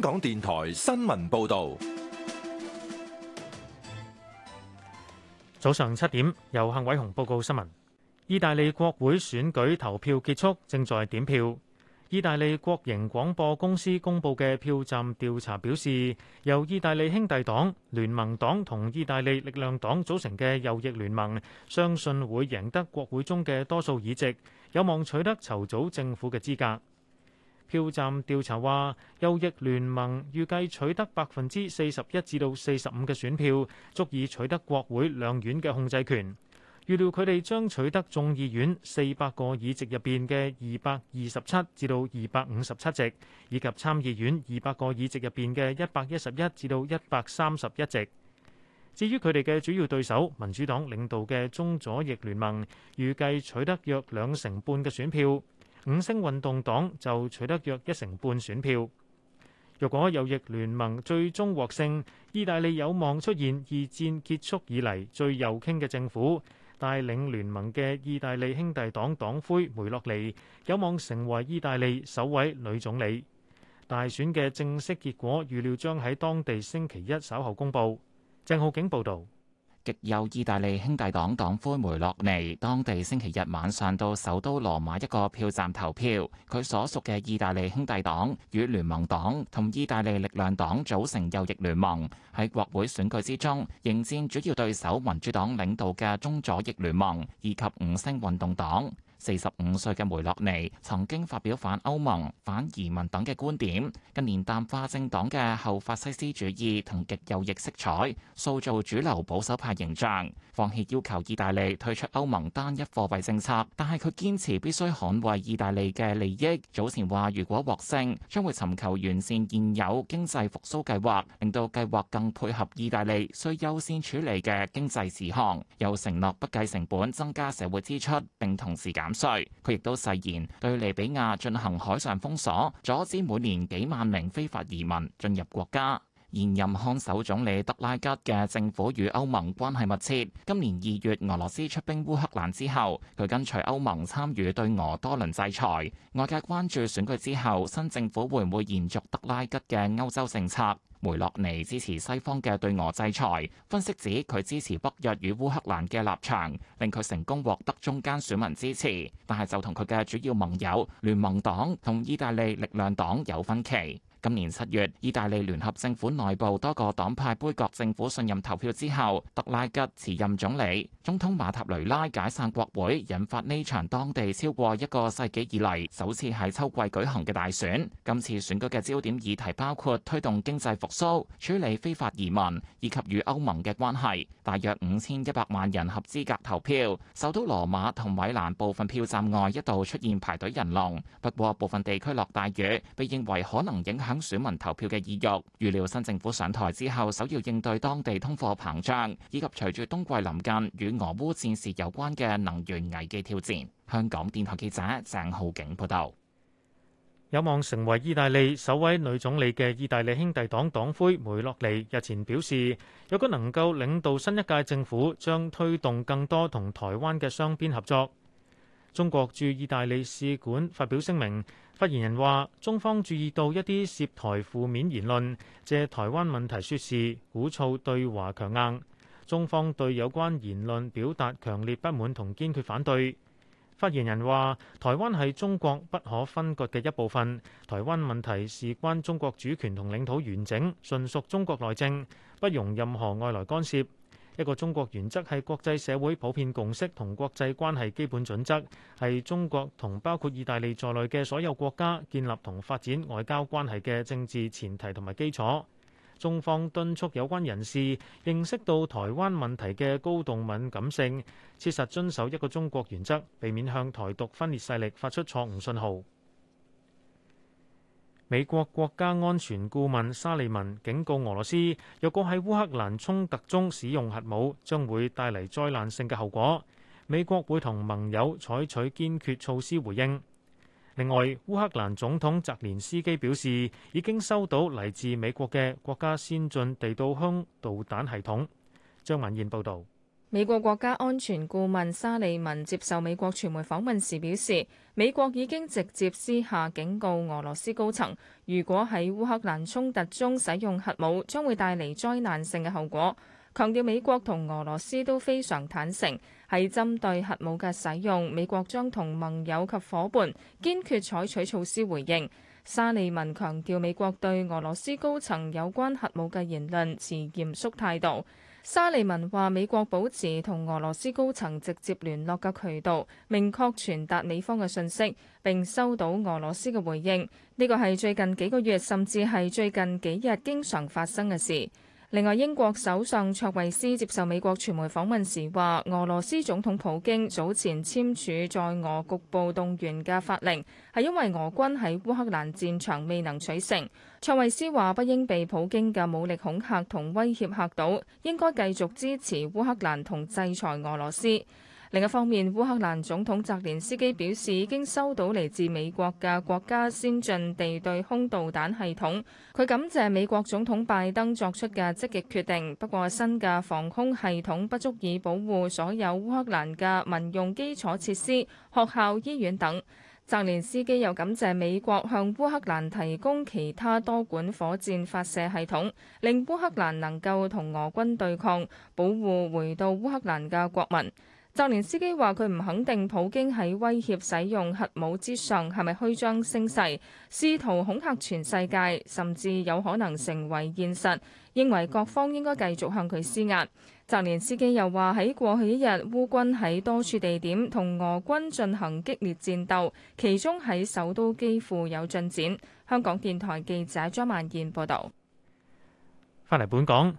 香港電台新聞報道，早上七點由幸偉雄報告新聞。意大利國會選舉投票結束，正在點票。意大利國營廣播公司公佈嘅票站調查表示，由意大利兄弟黨、聯盟黨同意大利力量黨組成嘅右翼聯盟，相信會贏得國會中嘅多數議席，有望取得籌組政府嘅資格。票站調查話，右翼聯盟預計取得百分之四十一至到四十五嘅選票，足以取得國會兩院嘅控制權。預料佢哋將取得眾議院四百個議席入面嘅二百二十七至到二百五十七席，以及參議院二百個議席入面嘅一百一十一至到一百三十一席。至於佢哋嘅主要對手，民主黨領導嘅中左翼聯盟，預計取得約兩成半嘅選票。五星運動黨就取得約一成半選票。若果右翼聯盟最終獲勝，意大利有望出現二戰結束以嚟最右傾嘅政府。帶領聯盟嘅意大利兄弟黨黨魁梅洛尼有望成為意大利首位女總理。大選嘅正式結果預料將喺當地星期一稍後公佈。鄭浩景報導。極右意大利兄弟黨黨魁梅洛尼，當地星期日晚上上到首都羅馬一個票站投票。佢所屬嘅意大利兄弟黨與聯盟黨同意大利力量黨組成右翼聯盟，喺國會選舉之中迎戰主要對手民主黨領導嘅中左翼聯盟以及五星運動黨。四十五歲嘅梅洛尼曾經發表反歐盟、反移民等嘅觀點，近年淡化政黨嘅後法西斯主義同極右翼色彩，塑造主流保守派形象。放棄要求意大利退出歐盟單一貨幣政策，但係佢堅持必須捍衛意大利嘅利益。早前話如果獲勝，將會尋求完善現有經濟復甦計劃，令到計劃更配合意大利需優先處理嘅經濟事項。又承諾不計成本增加社會支出，並同時減少。歲，佢亦都誓言對利比亞進行海上封鎖，阻止每年幾萬名非法移民進入國家。現任看守總理德拉吉嘅政府與歐盟關係密切。今年二月俄羅斯出兵烏克蘭之後，佢跟隨歐盟參與對俄多輪制裁。外界關注選舉之後，新政府會唔會延續德拉吉嘅歐洲政策？梅洛尼支持西方嘅對俄制裁，分析指佢支持北約與烏克蘭嘅立場，令佢成功獲得中間選民支持，但係就同佢嘅主要盟友聯盟黨同意大利力量黨有分歧。今年七月，意大利聯合政府內部多個黨派杯葛政府信任投票之後，特拉吉辭任總理，總統馬塔雷拉解散國會，引發呢場當地超過一個世紀以嚟首次喺秋季舉行嘅大選。今次選舉嘅焦點議題包括推動經濟復甦、處理非法移民以及與歐盟嘅關係。大約五千一百萬人合資格投票，首都羅馬同米蘭部分票站外一度出現排隊人龍。不過部分地區落大雨，被認為可能影響等選民投票嘅意欲，預料新政府上台之後，首要應對當地通貨膨脹，以及隨住冬季臨近與俄烏戰事有關嘅能源危機挑戰。香港電台記者鄭浩景報道。有望成為意大利首位女總理嘅意大利兄弟黨黨魁梅洛尼日前表示，若果能夠領導新一屆政府，將推動更多同台灣嘅雙邊合作。中國駐意大利使館發表聲明。發言人話：中方注意到一啲涉台負面言論，借台灣問題説事、鼓噪對華強硬。中方對有關言論表達強烈不滿同堅決反對。發言人話：台灣係中國不可分割嘅一部分，台灣問題事關中國主權同領土完整，純屬中國內政，不容任何外來干涉。一個中國原則係國際社會普遍共識同國際關係基本準則，係中國同包括意大利在內嘅所有國家建立同發展外交關係嘅政治前提同埋基礎。中方敦促有關人士認識到台灣問題嘅高度敏感性，切實遵守一個中國原則，避免向台獨分裂勢力發出錯誤信號。美國國家安全顧問沙利文警告俄羅斯，若果喺烏克蘭衝突中使用核武，將會帶嚟災難性嘅後果。美國會同盟友採取堅決措施回應。另外，烏克蘭總統澤連斯基表示，已經收到嚟自美國嘅國家先進地對空導彈系統。張文燕報導。美國國家安全顧問沙利文接受美國傳媒訪問時表示，美國已經直接私下警告俄羅斯高層，如果喺烏克蘭衝突中使用核武，將會帶嚟災難性嘅後果。強調美國同俄羅斯都非常坦誠，喺針對核武嘅使用，美國將同盟友及伙伴堅決採取措施回應。沙利文強調，美國對俄羅斯高層有關核武嘅言論持嚴肅態度。沙利文話：美國保持同俄羅斯高層直接聯絡嘅渠道，明確傳達美方嘅信息，並收到俄羅斯嘅回應。呢個係最近幾個月，甚至係最近幾日經常發生嘅事。另外，英國首相卓慧思接受美國傳媒訪問時話，俄羅斯總統普京早前簽署在俄局部動員嘅法令，係因為俄軍喺烏克蘭戰場未能取勝。卓慧思話，不應被普京嘅武力恐嚇同威脅嚇到，應該繼續支持烏克蘭同制裁俄羅斯。另一方面，烏克蘭總統澤連斯基表示，已經收到嚟自美國嘅國家先進地對空導彈系統。佢感謝美國總統拜登作出嘅積極決定，不過新嘅防空系統不足以保護所有烏克蘭嘅民用基礎設施、學校、醫院等。澤連斯基又感謝美國向烏克蘭提供其他多管火箭發射系統，令烏克蘭能夠同俄軍對抗，保護回到烏克蘭嘅國民。.澤連斯基話：佢唔肯定普京喺威脅使用核武之上係咪虛張聲勢，試圖恐嚇全世界，甚至有可能成為現實。認為各方應該繼續向佢施壓。澤連斯基又話：喺過去一日，烏軍喺多處地點同俄軍進行激烈戰鬥，其中喺首都幾乎有進展。香港電台記者張曼燕報道。翻嚟本港。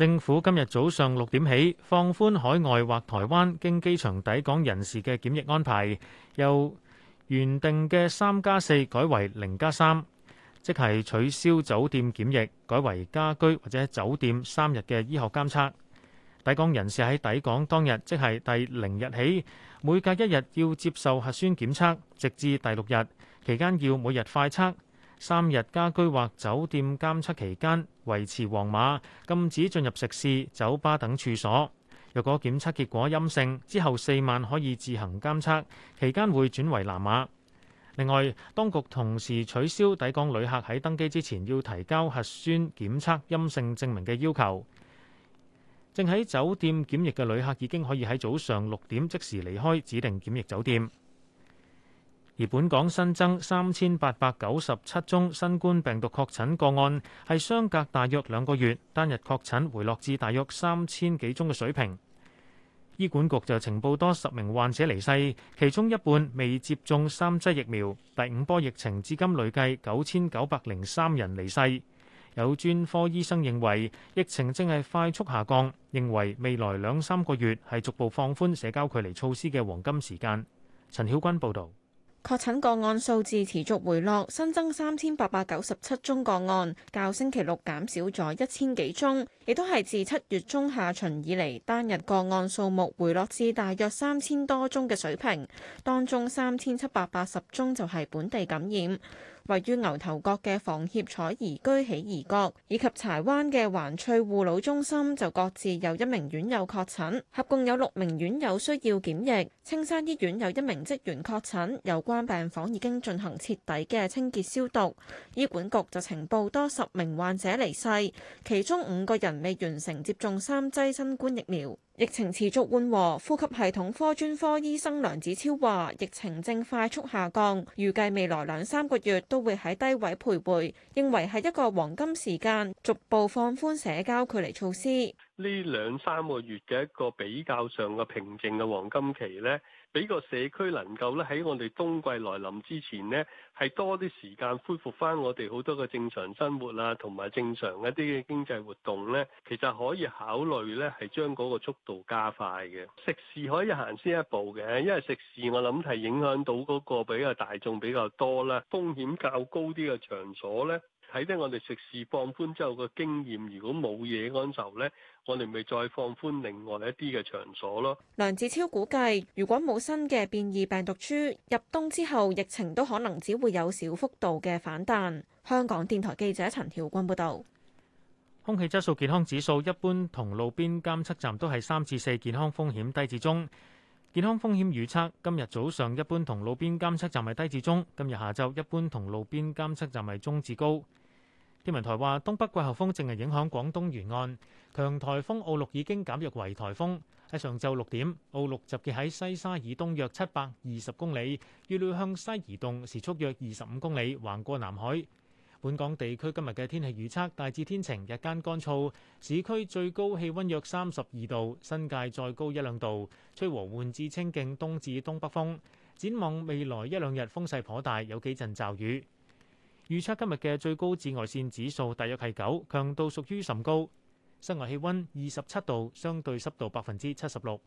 政府今日早上六點起放寬海外或台灣經機場抵港人士嘅檢疫安排，由原定嘅三加四改為零加三，即係取消酒店檢疫，改為家居或者酒店三日嘅醫學監測。抵港人士喺抵港當日，即係第零日起，每隔一日要接受核酸檢測，直至第六日，期間要每日快測。三日家居或酒店監測期間維持黃碼，禁止進入食肆、酒吧等處所。若果檢測結果陰性，之後四晚可以自行監測，期間會轉為藍碼。另外，當局同時取消抵港旅客喺登機之前要提交核酸檢測陰性證明嘅要求。正喺酒店檢疫嘅旅客已經可以喺早上六點即時離開指定檢疫酒店。而本港新增三千八百九十七宗新冠病毒確診個案，係相隔大約兩個月，單日確診回落至大約三千幾宗嘅水平。醫管局就呈報多十名患者離世，其中一半未接種三劑疫苗。第五波疫情至今累計九千九百零三人離世。有專科醫生認為疫情正係快速下降，認為未來兩三個月係逐步放寬社交距離措施嘅黃金時間。陳曉君報道。確診個案數字持續回落，新增三千八百九十七宗個案，較星期六減少咗一千幾宗，亦都係自七月中下旬以嚟，單日個案數目回落至大約三千多宗嘅水平。當中三千七百八十宗就係本地感染。位於牛頭角嘅房協彩怡居起怡閣以及柴灣嘅環翠護老中心就各自有一名院友確診，合共有六名院友需要檢疫。青山醫院有一名職員確診，有關病房已經進行徹底嘅清潔消毒。醫管局就呈報多十名患者離世，其中五個人未完成接種三劑新冠疫苗。疫情持續緩和，呼吸系統科專科醫生梁子超話：疫情正快速下降，預計未來兩三個月都會喺低位徘徊，認為係一個黃金時間，逐步放寬社交距離措施。呢兩三個月嘅一個比較上嘅平靜嘅黃金期呢。俾個社區能夠咧喺我哋冬季來臨之前呢，係多啲時間恢復翻我哋好多個正常生活啊，同埋正常一啲嘅經濟活動呢，其實可以考慮呢，係將嗰個速度加快嘅。食肆可以行先一步嘅，因為食肆我諗係影響到嗰個比較大眾比較多啦，風險較高啲嘅場所呢。睇低我哋食肆放寬之後個經驗，如果冇嘢安就咧，我哋咪再放寬另外一啲嘅場所咯。梁志超估計，如果冇新嘅變異病毒株入冬之後疫情都可能只會有小幅度嘅反彈。香港電台記者陳曉君報道。空氣質素健康指數一般同路邊監測站都係三至四，健康風險低至中。健康風險預測今日早上一般同路邊監測站係低至中，今日下晝一般同路邊監測站係中至高。天文台話，東北季候風正係影響廣東沿岸，強颱風澳陸已經減弱為颱風。喺上晝六點，澳陸集結喺西沙以東約七百二十公里，預料向西移動，時速約二十五公里，橫過南海。本港地區今日嘅天氣預測大致天晴，日間乾燥，市區最高氣温約三十二度，新界再高一兩度，吹和緩至清勁東至東北風。展望未來一兩日風勢頗大，有幾陣驟雨。預測今日嘅最高紫外線指數大約係九，強度屬於甚高。室外氣温二十七度，相對濕度百分之七十六。